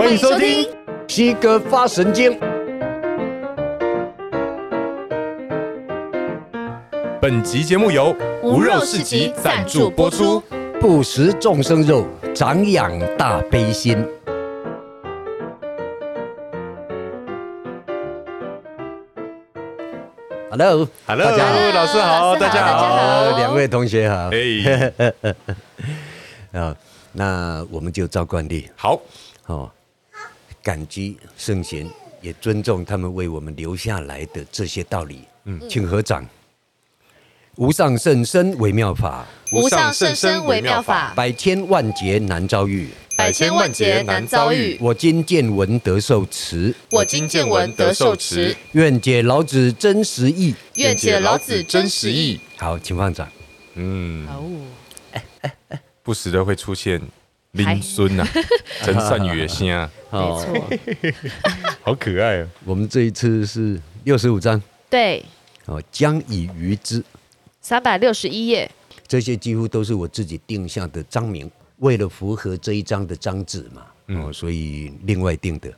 歡迎收聽《西哥發神經》。本集節目由無肉市集贊助播出。不食眾生肉，長養大悲心。Hello，大家好，Hello，老師好，老師好，大家好，兩位同學好。哎，啊，那我們就照慣例，好哦。感激聖賢，也尊重他們為我們留下來的這些道理。嗯，請合掌。無上甚深微妙法，無上甚深微妙法，百千萬劫難遭遇，百千萬劫難遭遇。我今見聞得受持，我今見聞得受持，我受願解老子真實義，願解老子真實義。實好，請放掌。嗯，好哦老五。 不時的會出現令孫吶、啊，唉 真善語的心啊。沒錯， 好可愛、啊、我們這一次是六十五章，對，哦，將以愚之，三百六十一頁，這些幾乎都是我自己定下的章名，為了符合這一章的章旨嘛，哦，所以另外定的。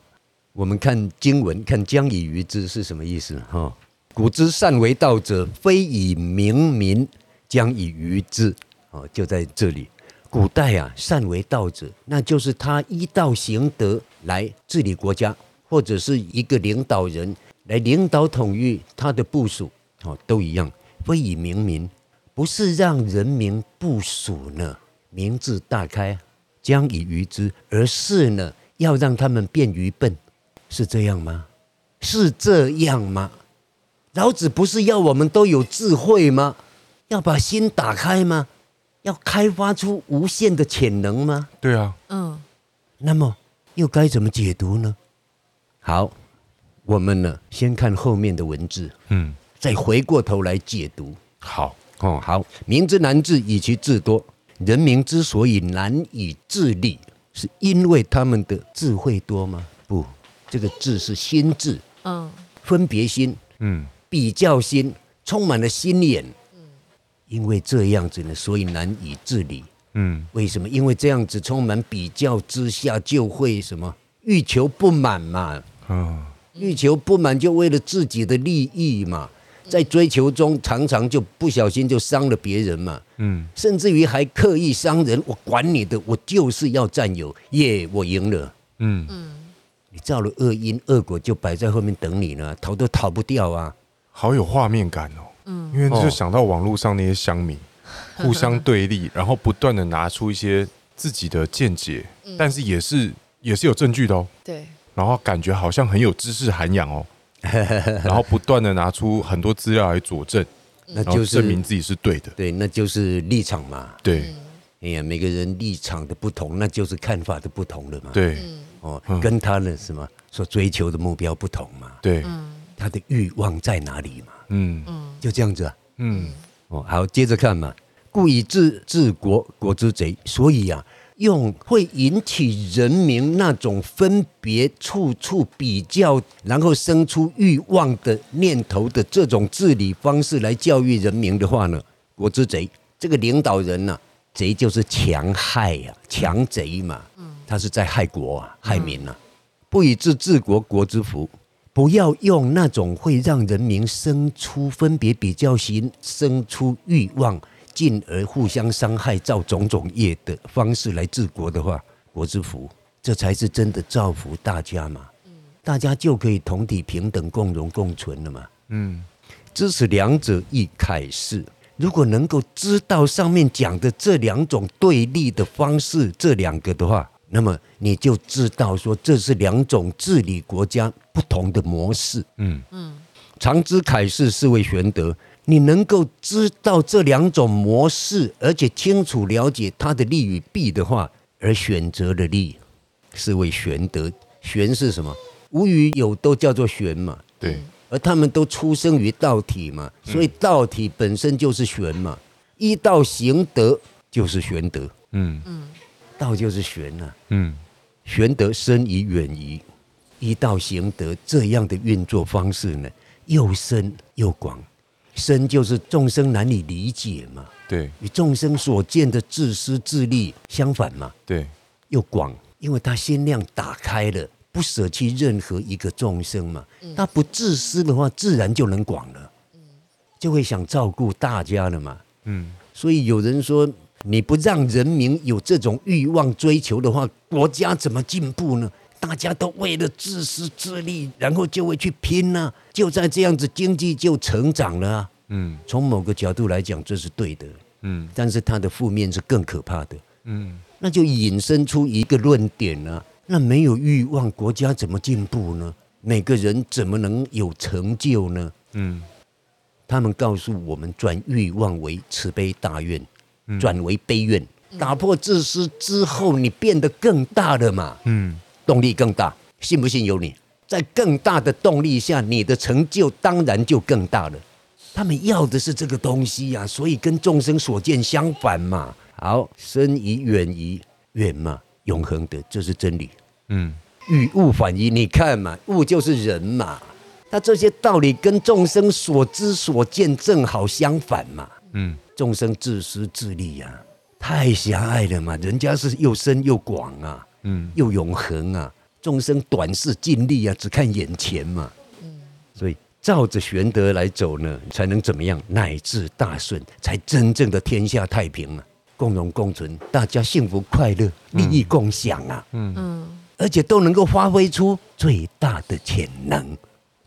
我們看經文，看將以愚之是什麼意思？哈，古之善為道者，非以明民，將以愚之。哦，就在這裡，古代啊，善為道者，那就是他依道行德。來治理國家，或者是一個領導人來領導統御他的部屬，哦，都一樣。非以明民，不是讓人民部屬呢，民智大開將以愚之，而是呢，要讓他們變愚笨，是這樣嗎？是這樣嗎？老子不是要我們都有智慧嗎？要把心打開嗎？要開發出無限的潛能嗎？對啊，嗯，那麼。又該怎麼解讀呢？好，我們呢先看後面的文字，嗯，再回過頭來解讀。好哦，好，民之難治，以其智多。人民之所以難以治理，是因為他們的智慧多嗎？不，這個“智”是心智，嗯，分別心，嗯，比較心，充滿了心眼，嗯，因為這樣子呢，所以難以治理。嗯，為什麼？因為這樣子充滿比較之下，就會什麼欲求不滿嘛。嗯、哦，欲求不滿就為了自己的利益嘛，在追求中常常就不小心就傷了別人嘛。嗯，甚至於還刻意傷人，我管你的，我就是要占有耶，yeah, 我贏了。嗯，你造了惡因，惡果就擺在後面等你了，逃都逃不掉啊。好有畫面感哦。嗯，因為就想到網絡上那些鄉民。哦互相對立，然後不斷的拿出一些自己的見解，但是也是也是有證據的哦。對，然後感覺好像很有知識涵養哦。然後不斷的拿出很多資料來佐證，那就是證明自己是對的。對，那就是立場嘛。對，哎呀，每個人立場的不同，那就是看法的不同了嘛。對，哦，跟他的什麼所追求的目標不同嘛。對，他的慾望在哪裡嘛？嗯嗯，就這樣子啊。嗯，哦，好，接着看嘛。故以智治國，國之賊。所以啊，用會引起人民那種分別、處處比較，然後生出欲望的念頭的這種治理方式來教育人民的話呢，國之賊。這個領導人呢、啊，賊就是戕害呀、啊，戕賊嘛，他是在害國啊，害民啊。嗯、不以智治國，國之福。不要用那種會讓人民生出分別比較心、生出欲望。進而互相傷害，造種種業的方式來治國的話，國之福，這才是真的造福大家嘛。嗯，大家就可以同體平等、共榮共存了嘛。嗯，知此兩者亦稽式。如果能夠知道上面講的這兩種對立的方式，這兩個的話，那麼你就知道說，這是兩種治理國家不同的模式。嗯嗯，常知稽式是謂玄德。你能夠知道這兩種模式，而且清楚了解它的利與弊的話，而選擇了利，是謂玄德。玄是什麼？無與有都叫做玄嘛。對。而他們都出生於道體嘛，所以道體本身就是玄嘛。依、嗯、道行德就是玄德。嗯嗯。道就是玄吶、啊。嗯。玄德深矣遠矣。依道行德這樣的運作方式呢，又深又廣。生，就是眾生難以理、理解嘛，對，與眾生所見的自私自利相反嘛，對，又廣，因為他心量打開了，不捨棄任何一個眾生嘛，他不自私的話，自然就能廣了，就會想照顧大家了嘛，嗯，所以有人說，你不讓人民有這種慾望追求的話，國家怎麼進步呢？大家都為了自私自利，然後就會去拼呢、啊，就在這樣子，經濟就成長了、啊。嗯，從某個角度來講，這是對的。嗯，但是它的負面是更可怕的。嗯，那就引申出一個論點、啊，那沒有慾望，國家怎麼進步呢？每個人怎麼能有成就呢？嗯，他們告訴我們，轉慾望為慈悲大願，嗯、轉為悲願，打破自私之後，你變得更大了嘛。嗯。動力更大，信不信由你。在更大的動力下，你的成就當然就更大了。他們要的是這個東西呀、啊，所以跟眾生所見相反嘛。好，深矣遠矣嘛，永恆的，這是真理。嗯，與物反矣，你看嘛，物就是人嘛。那這些道理跟眾生所知所見正好相反嘛。嗯，眾生自私自利呀、啊，太狹隘了嘛。人家是又深又廣啊。嗯，又永恆啊！眾生短視、近利啊，只看眼前嘛。嗯、所以照着玄德來走呢，才能怎麼樣？乃至大順，才真正的天下太平啊！共榮共存，大家幸福快樂，嗯、利益共享啊！嗯嗯，嗯而且都能夠發揮出最大的潛能，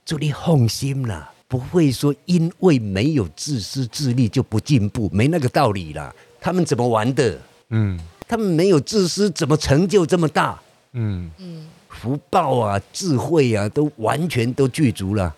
祝你放心啦。不會說因為沒有自私自利就不進步，沒那個道理啦。他們怎麼玩的？嗯。他們沒有自私，怎麼成就這麼大？嗯嗯，福報啊，智慧啊，都完全都具足了。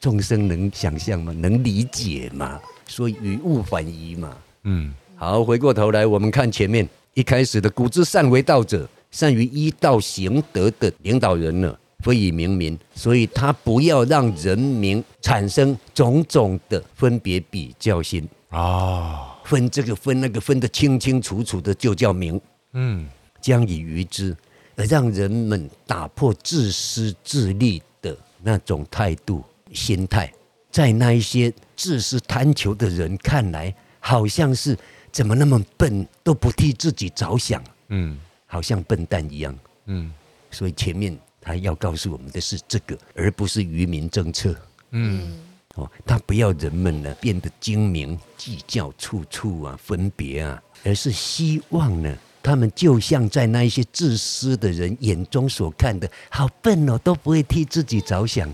眾生能想象嗎？能理解嗎？所以與物反矣嘛。嗯，好，回過頭來，我們看前面一開始的古之善為道者，善於依道行德的領導人呢，非以明民，所以他不要讓人民產生種種的分別比較心啊。哦分這個分那個分得清清楚楚的就叫明，嗯，將以愚之，而讓人們打破自私自利的那種態度心態，在那一些自私貪求的人看來，好像是怎麼那麼笨，都不替自己着想，嗯，好像笨蛋一樣，嗯，所以前面他要告訴我們的是這個，而不是愚民政策，嗯。哦，他不要人們呢變得精明、計較、處處啊、分別啊，而是希望呢，他們就像在那一些自私的人眼中所看的，好笨哦，都不會替自己着想，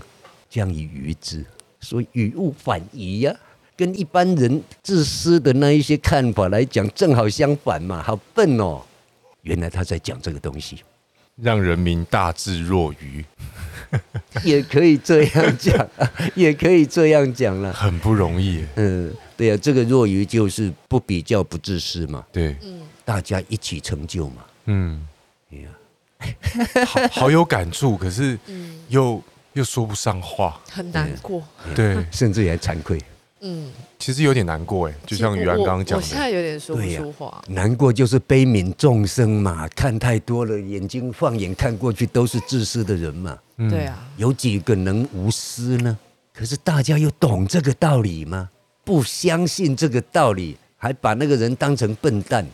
將以愚之，所以與物反矣呀、啊，跟一般人自私的那一些看法來講，正好相反嘛，好笨哦，原來他在講這個東西，讓人民大智若愚。也可以這樣講，也可以這樣講了。很不容易。嗯，對呀，這個若愚就是不比較、不自私嘛。對，大家一起成就嘛。嗯，哎呀，好有感觸，可是，嗯，又又說不上話，很難過。對，甚至也慚愧。嗯，其實有點難過哎，就像於安剛剛講的，其實我，我現在有點說話，啊。難過就是悲憫眾生嘛，嗯、看太多了，眼睛放眼看過去都是自私的人嘛。嗯，對啊，有幾個能無私呢？可是大家又懂這個道理嗎？不相信這個道理，還把那個人當成笨蛋，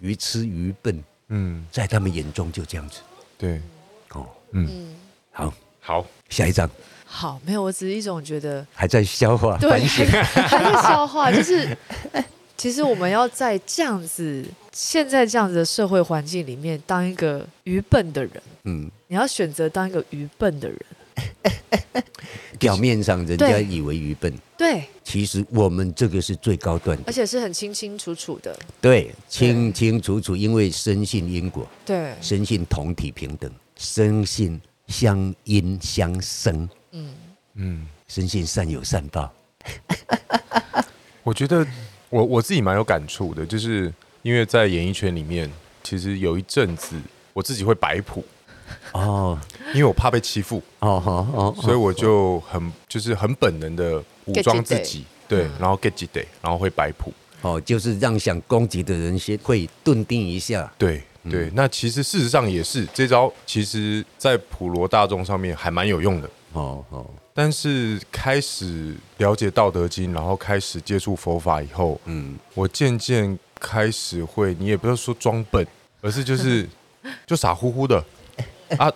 愚痴，愚笨。嗯，在他們眼中就這樣子。對，哦，嗯，嗯，好，好，下一張。好，沒有，我只是一種覺得還在消化，對，還在消化，就是其實我們要在這樣子，現在這樣子的社會環境裡面，當一個愚笨的人，嗯，你要選擇當一個愚笨的人，表面上人家以為愚笨，對，對，其實我們這個是最高端的，而且是很清清楚楚的，對，清清楚楚，對因為深信因果，對，深信同體平等，深信相因相生。嗯嗯，深、嗯、信善有善報。 我覺得我我自己蠻有感觸的，就是因為在演藝圈裡面，其實有一陣子我自己會擺譜哦，因為我怕被欺負哦，哦，、嗯、哦所以我就很，、哦、就，是很就是很本能的武裝自己，幾幾對，然後 get ready 然後會擺譜哦，就是讓想攻擊的人先會頓定一下。嗯、對對，那其實事實上也是這招，其實在普羅大眾上面還蠻有用的。好好。但是開始了解《道德經》，然後開始接觸佛法以後，嗯，我漸漸開始會，你也不要說裝笨，而是就是就傻乎乎的啊，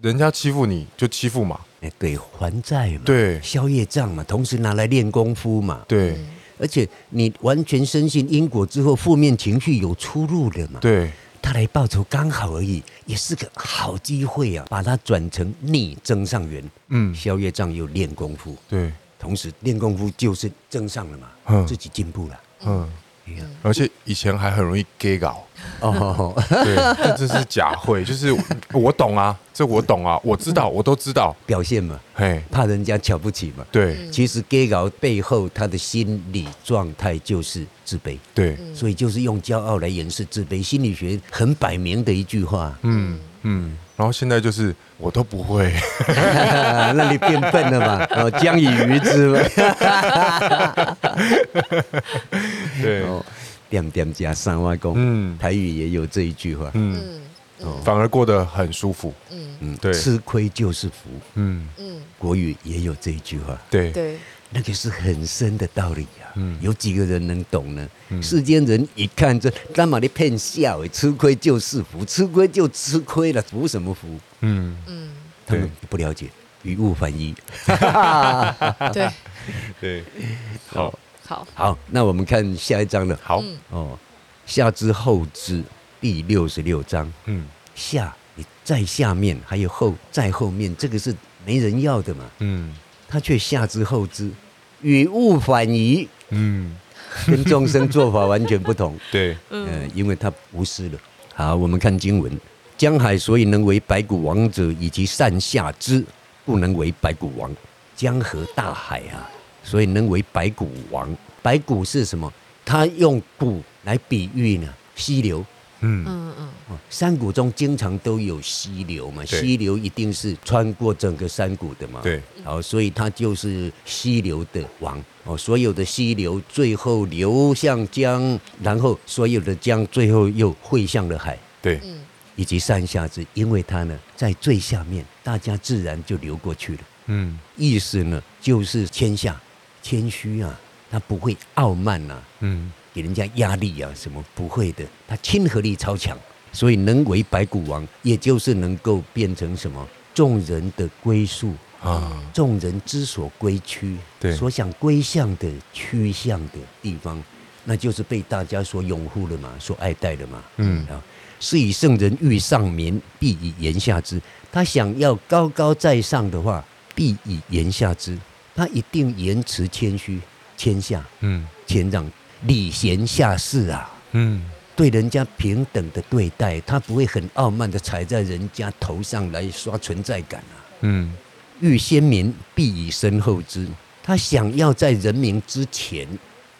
人家欺負你就欺負嘛，哎，對，還債嘛，對，消業障嘛，同時拿來練功夫嘛，對。而且你完全深信因果之後，負面情緒有出路的嘛，對。他來報仇剛好而已，也是個好機會啊！把他轉成逆增上緣，嗯，消業障又練功夫，對，同時練功夫就是增上了嘛，呵自己進步了，嗯。嗯、而且以前還很容易 gay 搞，哦，對，這是假會，就是我，我懂啊，這我懂啊，我知道，我都知道，表現嘛，嘿，怕人家瞧不起嘛，對。嗯、其實 gay 搞背後他的心理狀態就是自卑，對，嗯、所以就是用驕傲來掩飾自卑，心理學很擺明的一句話。嗯嗯。嗯，然後現在就是我都不會， 那你變笨了嘛？哦，將以愚之嘛。 對、嗯，恬恬吃三碗公，嗯，台語也有這一句話，嗯，嗯嗯，反而過得很舒服，嗯嗯，對嗯，吃虧就是福，嗯嗯，國語也有這一句話，嗯嗯、對對，那就是很深的道理呀、啊，有幾個人能懂呢？世間人一看這幹嘛的騙笑，吃虧就是福，吃虧就吃虧了，福什麼福、嗯？嗯嗯，他們不了解，語不反義， 對對，對，好。好，好，那我們看下一章了。好，哦，下之後之第六十六章。嗯，下，你在下面，還有後在後面，這個是沒人要的嘛。嗯，他卻下之後之，與物反矣。嗯，跟眾生做法完全不同。 對，嗯，因為他無私了。好，我們看經文：江海所以能為百谷王者，以其善下之，不能為百谷王。江河大海啊。所以能為百谷王，百谷是什麼？他用谷來比喻呢，溪流。嗯嗯嗯。啊，山谷中經常都有溪流嘛，對溪流一定是穿過整個山谷的嘛。對。好，所以它就是溪流的王。哦，所有的溪流最後流向江，然後所有的江最後又匯向了海。對。嗯、以其善下之，因為它呢在最下面，大家自然就流過去了。嗯。意思呢就是天下。謙虛啊，他不會傲慢吶、啊，嗯，給人家壓力啊，什麼不會的。他親和力超強，所以能為百谷王，也就是能夠變成什麼眾人的歸宿啊，哦、眾人之所歸去，對，所想歸向的趨向的地方，那就是被大家所擁護的嘛，所愛戴的嘛，嗯啊。是以聖人欲上民，必以言下之。他想要高高在上的話，必以言下之。他一定言辭謙虛、謙下、嗯，謙讓、禮賢下士啊，嗯，對人家平等的對待，他不會很傲慢的踩在人家頭上來刷存在感啊，嗯，欲先民，必以身後之。他想要在人民之前，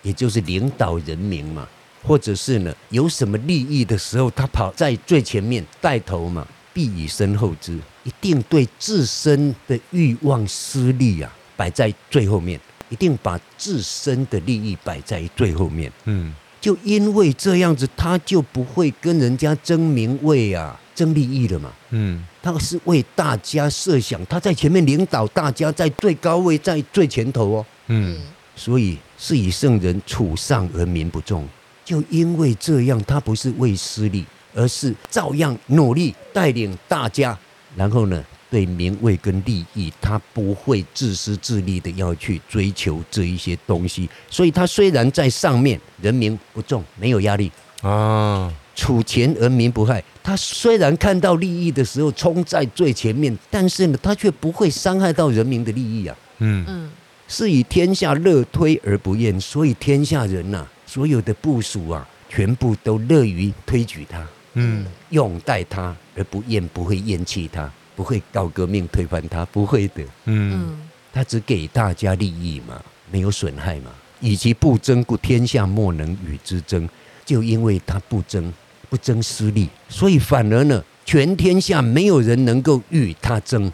也就是領導人民嘛，或者是呢有什麼利益的時候，他跑在最前面帶頭嘛，必以身後之，一定對自身的欲望私利啊。擺在最後面，一定把自身的利益擺在最後面。嗯，就因為這樣子，他就不會跟人家爭名位啊，爭利益了嘛。嗯，他是為大家設想，他在前面領導大家，在最高位，在最前頭哦。嗯，所以是以聖人處上而民不重，就因為這樣，他不是為私利，而是照樣努力帶領大家。然後呢？對名位跟利益，他不會自私自利的要去追求這一些東西。所以，他雖然在上面，人民不重，沒有壓力啊。處前而民不害，他雖然看到利益的時候衝在最前面，但是呢，他卻不會傷害到人民的利益啊。嗯嗯，是以天下樂推而不厭，所以天下人吶、啊，所有的部署啊，全部都樂於推舉他，嗯，擁戴他而不厭，不會厭棄他。不會搞革命推翻他，不會的。嗯，他只給大家利益嘛，沒有損害嘛。以其不爭，故天下莫能與之爭。就因為他不爭，不爭私利，所以反而呢，全天下沒有人能夠與他爭。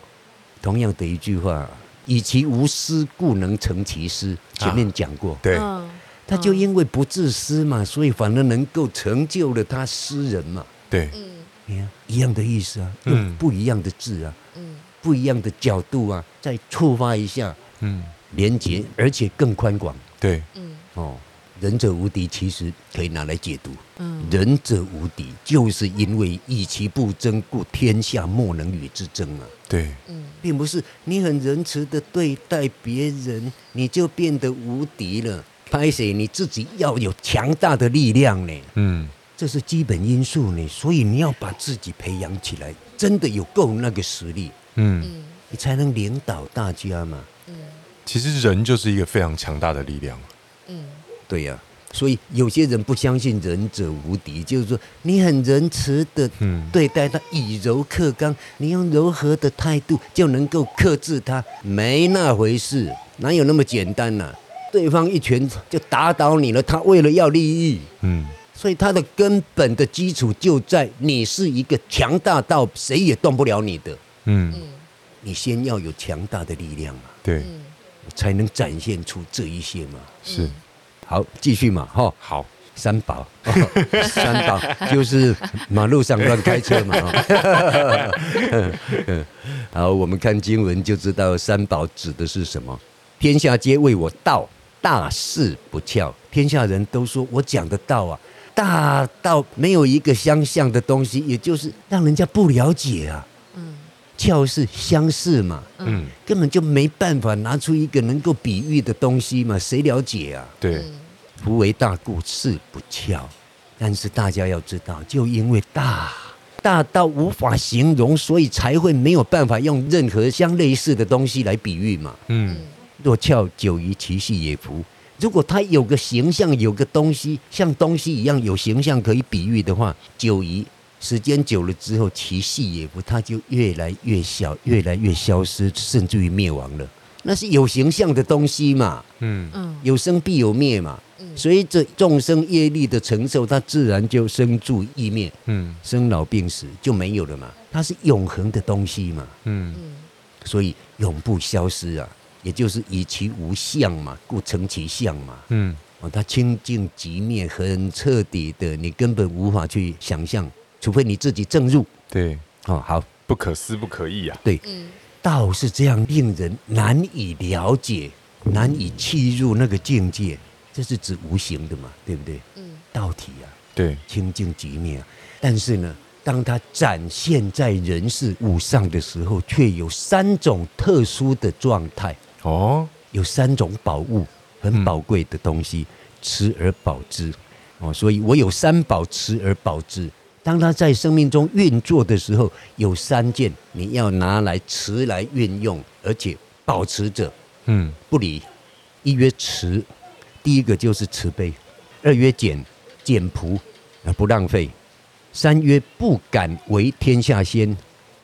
同樣的一句話，以其無私，故能成其私。前面講過，對，他就因為不自私嘛，所以反而能夠成就了他私人嘛。對。你看，一樣的意思啊，用不一樣的字啊，不一樣的角度啊，再觸發一下，嗯，連接，而且更寬廣。對，嗯，哦，仁者無敵其實可以拿來解讀。嗯，仁者無敵就是因為以其不爭，故天下莫能與之爭啊。對，嗯，並不是你很仁慈的對待別人，你就變得無敵了。拍攝，你自己要有強大的力量呢。嗯。這是基本因素呢，所以你要把自己培養起來，真的有夠那個實力，嗯，你才能領導大家嘛。嗯，其實人就是一個非常強大的力量。嗯，對呀、啊，所以有些人不相信仁者無敵，就是說你很仁慈的對待他，以柔克剛，嗯，你用柔和的態度就能夠克制他，沒那回事，哪有那麼簡單呢、啊？對方一拳就打倒你了，他為了要利益，嗯。所以它的根本的基礎就在你是一個強大到誰也動不了你的，嗯，你先要有強大的力量嘛，對，才能展現出這一些嘛。是，好，繼續嘛，哈，好，三寶，三寶就是馬路上亂開車嘛，好，我們看經文就知道三寶指的是什麼，天下皆謂我道大，似不肖，天下人都說我講的道啊。大到沒有一個相像的東西，也就是讓人家不了解啊。嗯，肖是相似嘛，嗯，根本就沒辦法拿出一個能夠比喻的東西嘛，誰了解啊？對、嗯，夫唯大，故似不肖。但是大家要知道，就因為大，大到無法形容，所以才會沒有辦法用任何相類似的東西來比喻嘛。嗯，若肖，久矣其細也夫。如果它有個形象，有個東西像東西一樣有形象可以比喻的話，久矣，時間久了之後，其氣也不，它就越來越小，越來越消失，甚至於滅亡了。那是有形象的東西嘛？嗯嗯，有生必有滅嘛。所以這眾生業力的承受，它自然就生住異滅。嗯，生老病死就沒有了嘛？它是永恆的東西嘛？嗯嗯，所以永不消失啊。也就是以其無相嘛，故成其相嘛。嗯，哦、他它清淨寂滅，很徹底的，你根本無法去想象，除非你自己證入。對，哦，好，不可思不可議啊。對，嗯、道是這樣，令人難以了解，難以契入那個境界。這是指無形的嘛，對不對？嗯，道體啊。對，清淨寂滅啊。但是呢，當它展現在人世五上的時候，卻有三種特殊的狀態。哦，有三種寶物，很寶貴的東西，持而保之。哦，所以我有三寶，持而保之。當他在生命中運作的時候，有三件你要拿來持來運用，而且保持着，嗯，不離。一曰慈，第一個就是慈悲；二曰儉，儉樸，而不浪費；三曰不敢為天下先，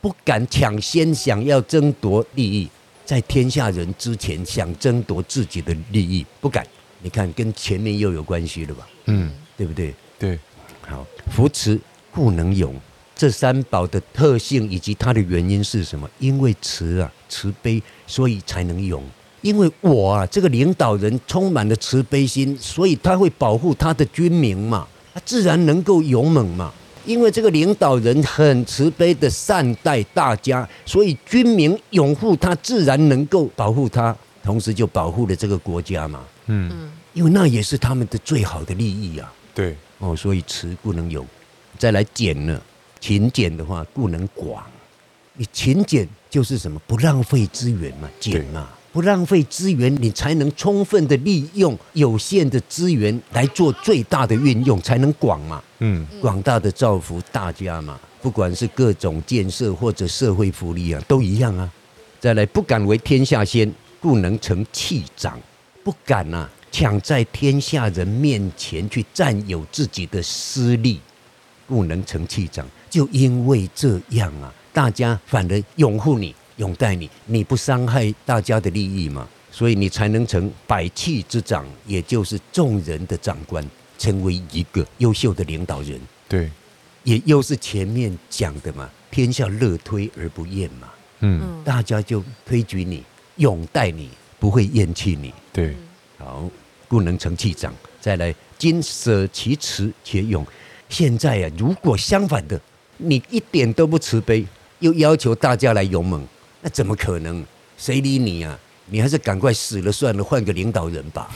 不敢搶先想要爭奪利益。在天下人之前想爭奪自己的利益，不敢。你看，跟前面又有關係了吧？嗯，對不對？對。好，夫慈故能勇。這三寶的特性以及它的原因是什麼？因為慈啊，慈悲，所以才能勇。因為我啊，這個領導人充滿了慈悲心，所以他會保護他的軍民嘛，他自然能夠勇猛嘛。因為這個領導人很慈悲地善待大家，所以軍民擁護他，自然能夠保護他，同時就保護了這個國家嘛。嗯，因為那也是他們的最好的利益呀。對，哦，所以慈故能勇，再來儉呢？勤儉的話故能廣。你勤儉就是什麼？不浪費資源嘛，儉嘛。不浪費資源，你才能充分地利用有限的資源來做最大的運用，才能廣嘛。嗯，嗯，廣大的造福大家嘛。不管是各種建設或者社會福利啊，都一樣啊。再來，不敢為天下先，故能成器長。不敢吶、啊，搶在天下人面前去佔有自己的私利，故能成器長。就因為這樣啊，大家反而擁護你。擁戴你，你不傷害大家的利益嘛，所以你才能成百器之長，也就是眾人的長官，成為一個優秀的領導人。對，也又是前面講的嘛，天下樂推而不厭嘛。嗯，大家就推舉你，擁戴你，不會厭棄你。對，好，故能成器長。再來，今捨其慈且勇。現在啊，如果相反的，你一點都不慈悲，又要求大家來勇猛。那怎麼可能？誰理你啊？你還是趕快死了算了，換個領導人吧。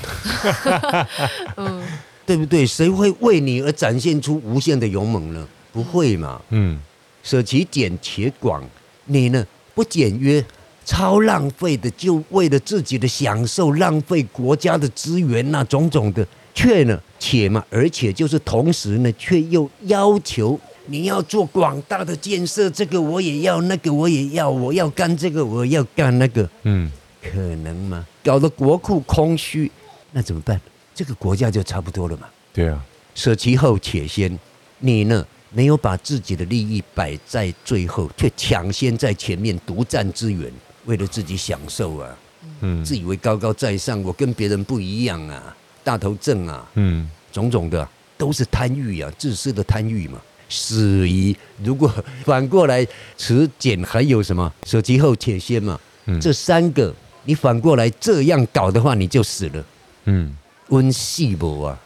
嗯、對不對？誰會為你而展現出無限的勇猛呢？不會嘛。嗯，舍其儉且廣，你呢不簡約，超浪費的，就為了自己的享受浪費國家的資源那、啊、種種的。卻呢且嘛，而且就是同時呢，卻又要求。你要做廣大的建設，這個我也要，那個我也要，我要幹這個，我要幹那個，嗯，可能嗎？搞得國庫空虛，那怎麼辦？這個國家就差不多了嘛。對啊，捨其後且先，你呢沒有把自己的利益擺在最後，卻搶先在前面獨佔資源，為了自己享受啊，嗯，自以為高高在上，我跟別人不一樣啊，大頭症啊，嗯，種種的啊，都是貪欲啊，自私的貪欲嘛。死矣。如果反過來，慈儉，還有什麼舍其後且先嘛、啊？這三個你反過來這樣搞的話，你就死了。嗯，溫細胞啊，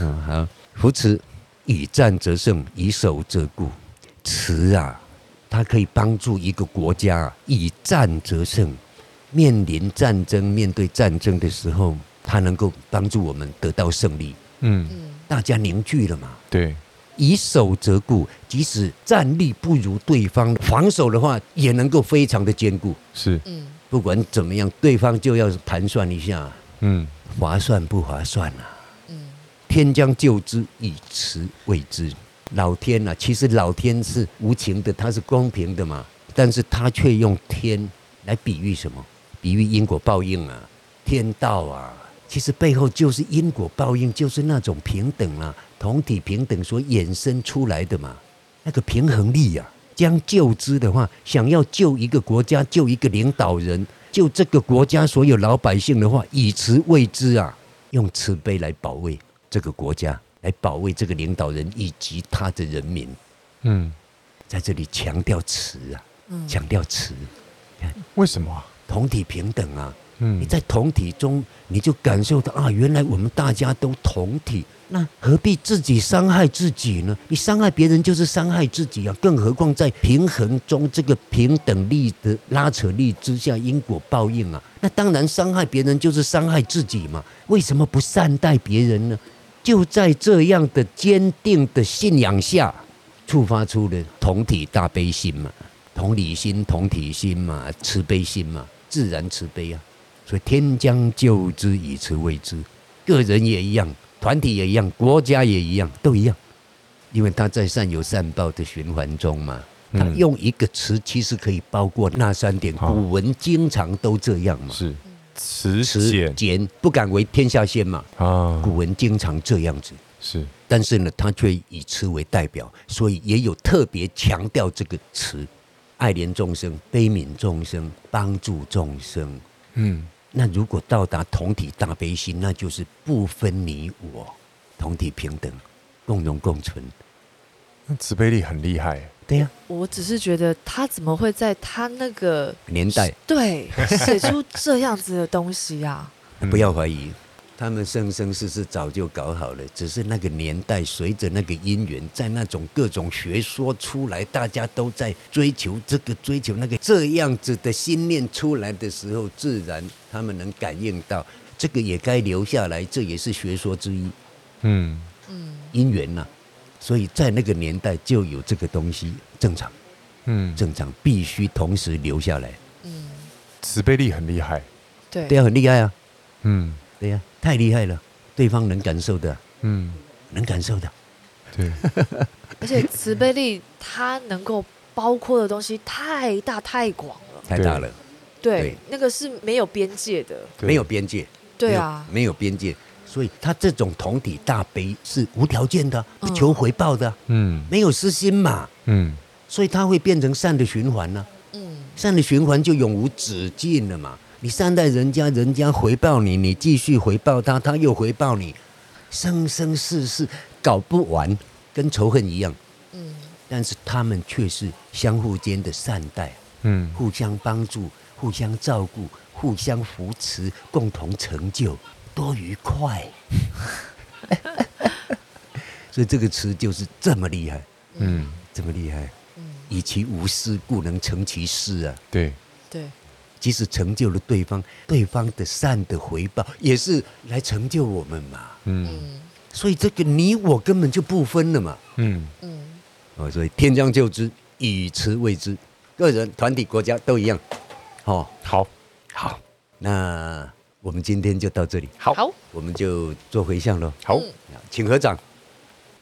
嗯哈，夫慈以戰則勝，以守則固。慈啊，它可以幫助一個國家以戰則勝。面臨戰爭，面對戰爭的時候，它能夠幫助我們得到勝利。嗯，大家凝聚了嘛？對。以守則固，即使戰力不如對方，防守的話也能夠非常的堅固。是，不管怎麼樣，對方就要盤算一下，嗯，划算不划算啊？嗯，天將救之，以慈衛之。老天啊，其實老天是無情的，他是公平的嘛，但是他卻用天來比喻什麼？比喻因果報應啊，天道啊。其實背後就是因果報應，就是那種平等啊，同體平等所衍生出來的嘛。那個平衡力啊，將救之的話，想要救一個國家，救一個領導人，救這個國家所有老百姓的話，以慈衛之啊，用慈悲來保衛這個國家，來保衛這個領導人以及他的人民。嗯，在這裡強調慈啊，強調慈。嗯、看為什麼？同體平等啊。你在同體中，你就感受到啊，原來我們大家都同體，那何必自己傷害自己呢？你傷害別人就是傷害自己啊！更何況在平衡中，這個平等力的拉扯力之下，因果報應啊，那當然傷害別人就是傷害自己嘛。為什麼不善待別人呢？就在這樣的堅定的信仰下，觸發出了同體大悲心嘛，同理心、同體心嘛，慈悲心嘛，自然慈悲啊。所以天將救之，以慈為之，個人也一樣，團體也一樣，國家也一樣，都一樣，因為他在善有善報的循環中嘛。嗯、他用一個詞其實可以包括那三點。哦、古文經常都這樣嘛。是。慈儉。儉。不敢為天下先嘛。啊、哦。古文經常這樣子。是。但是呢，他卻以慈為代表，所以也有特別強調這個詞：愛憐眾生、悲憫眾生、幫助眾生。嗯，那如果到達同體大悲心，那就是不分你我，同體平等，共榮共存，那慈悲力很厲害。對呀、啊，我只是覺得他怎麼會在他那個年代，對寫出這樣子的東西啊，不要懷疑。嗯他們生生世世早就搞好了，只是那個年代，隨着那個因緣，在那種各種學說出來，大家都在追求這個，追求那個，這樣子的心念出來的時候，自然他們能感應到，這個也該留下來，這也是學說之一。嗯嗯，因緣吶，所以在那個年代就有這個東西，正常。嗯，正常，必須同時留下來。嗯，慈悲力很厲害。對，對啊，很厲害啊。嗯。對呀、啊，太厲害了，對方能感受的，嗯，能感受的，對。而且慈悲力，它能夠包括的東西太大太廣了，太大了，對，對那個是沒有邊界的，對對沒有邊界，對啊，沒，沒有邊界，所以它這種同體大悲是無條件的，不求回報的，嗯，沒有私心嘛，嗯，所以它會變成善的循環呢、啊，嗯，善的循環就永無止境了嘛。你善待人家，人家回報你，你繼續回報他，他又回報你，生生世世搞不完，跟仇恨一樣，嗯。但是他們卻是相互間的善待，嗯，互相幫助、互相照顧、互相扶持、共同成就，多愉快。 所以這個慈就是這麼厲害，嗯，這麼厲害，嗯、以其無私，故能成其私啊。對，對。即使成就了對方，對方的善的回報也是來成就我們嘛。嗯，所以這個你我根本就不分了嘛。嗯嗯，哦，所以天將救之，以慈衛之，個人、團體、國家都一樣。好，好，好，那我們今天就到這裡。好，我們就做回向嘍。好，請合掌，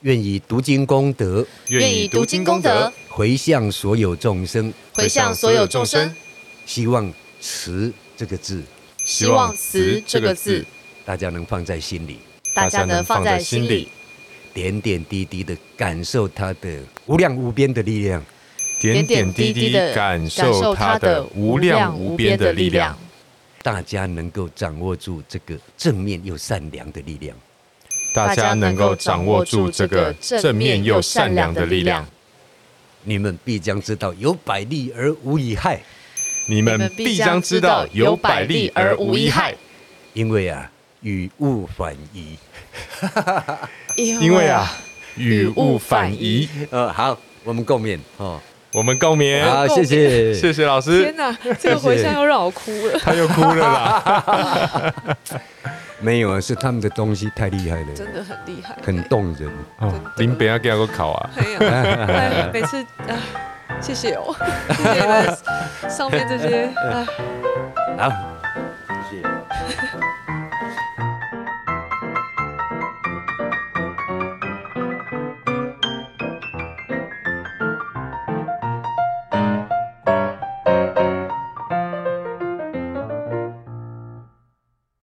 願以讀經功德，願以讀經功德回向所有眾生，回向所有眾生，希望。慈這個字，希望慈這個字，大家能放在心裡。大家能放在心裡，點點滴滴地感受它的無量無邊的力量。點點滴滴的感受它的無量無邊的力量。大家能夠掌握住這個正面又善良的力量。大家能夠掌握住這個正面又善良的力量。你們必將知道有百利而無一害。你們必將知道有百利而無一害，因為啊，與物反矣。因為啊，與物反矣。啊、反矣呃，好，我們共勉哦，我們共勉。謝謝，謝謝老師。天哪、啊，這個回向又讓我哭了，謝謝。他又哭了啦。 沒有啊，是他們的東西太厲害了。真的很厲害，欸，很動人。您不要給我考啊。可 以，哎，每次啊。呃謝謝哦， 謝謝上面這些。啊。